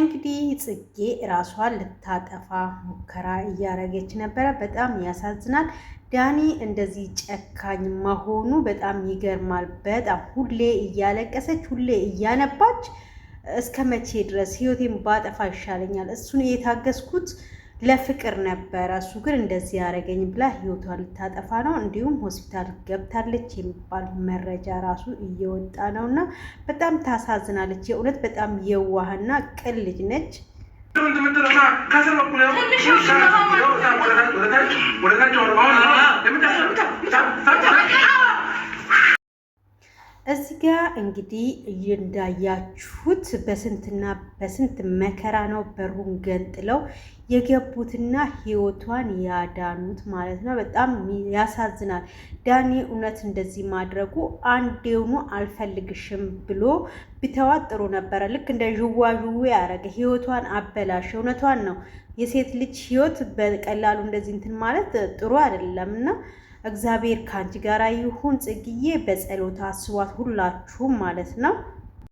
እንግዲህ ጽጌ ራሷን ልታጠፋ ሙከራ እያረገች ነበረ። በጣም ያሳዝናል። ዳኒ እንደዚህ ጨካኝ መሆኑ በጣም ይገርማል። በጣም ሁሌ እያለቀሰች ሁሌ እያነባች እስከ መቼ ድረስ ህይወቴን ባጠፋ ይሻለኛል፣ እሱን የታገስኩት ለፍቅር ነበረ። እሱ ግን እንደዚህ ያደረገኝ ብላ ህይወቷን ልታጠፋ ነው። እንዲሁም ሆስፒታል ገብታለች የሚባል መረጃ ራሱ እየወጣ ነው እና በጣም ታሳዝናለች። የእውነት በጣም የዋህና ቅን ልጅ ነች። እዚህ ጋ እንግዲህ እንዳያችሁት በስንትና በስንት መከራ ነው በሩን ገንጥለው የገቡትና ህይወቷን ያዳኑት ማለት ነው። በጣም ያሳዝናል። ዳኒ እውነት እንደዚህ ማድረጉ አንዴውኑ አልፈልግሽም ብሎ ቢተዋት ጥሩ ነበረ። ልክ እንደ ዥዋዥዌ ያደረገ ህይወቷን አበላሽ። እውነቷን ነው። የሴት ልጅ ህይወት በቀላሉ እንደዚህ እንትን ማለት ጥሩ አይደለም እና እግዚአብሔር ከአንቺ ጋር ይሁን ጽግዬ በጸሎት አስቧት ሁላችሁም ማለት ነው።